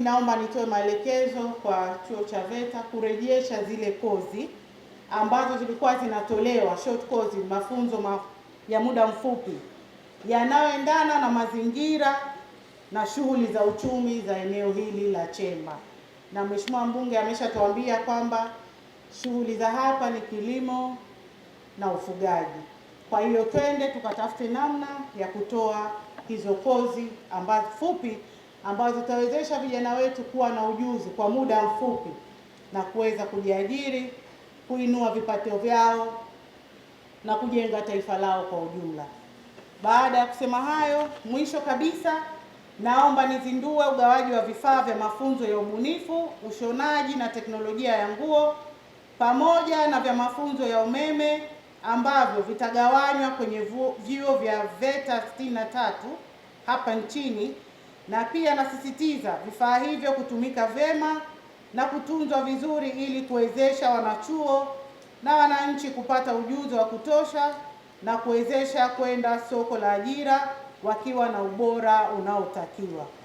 Naomba nitoe maelekezo kwa chuo cha VETA kurejesha zile kozi ambazo zilikuwa zinatolewa short course, mafunzo ma, ya muda mfupi yanayoendana na mazingira na shughuli za uchumi za eneo hili la Chemba, na Mheshimiwa mbunge ameshatuambia kwamba shughuli za hapa ni kilimo na ufugaji. Kwa hiyo twende tukatafute namna ya kutoa hizo kozi ambazo fupi ambazo zitawezesha vijana wetu kuwa na ujuzi kwa muda mfupi na kuweza kujiajiri, kuinua vipato vyao na kujenga taifa lao kwa ujumla. Baada ya kusema hayo, mwisho kabisa, naomba nizindue ugawaji wa vifaa vya mafunzo ya ubunifu, ushonaji na teknolojia ya nguo pamoja na vya mafunzo ya umeme ambavyo vitagawanywa kwenye vyuo vya VETA 63 hapa nchini na pia nasisitiza vifaa hivyo kutumika vyema na kutunzwa vizuri ili kuwezesha wanachuo na wananchi kupata ujuzi wa kutosha na kuwezesha kwenda soko la ajira wakiwa na ubora unaotakiwa.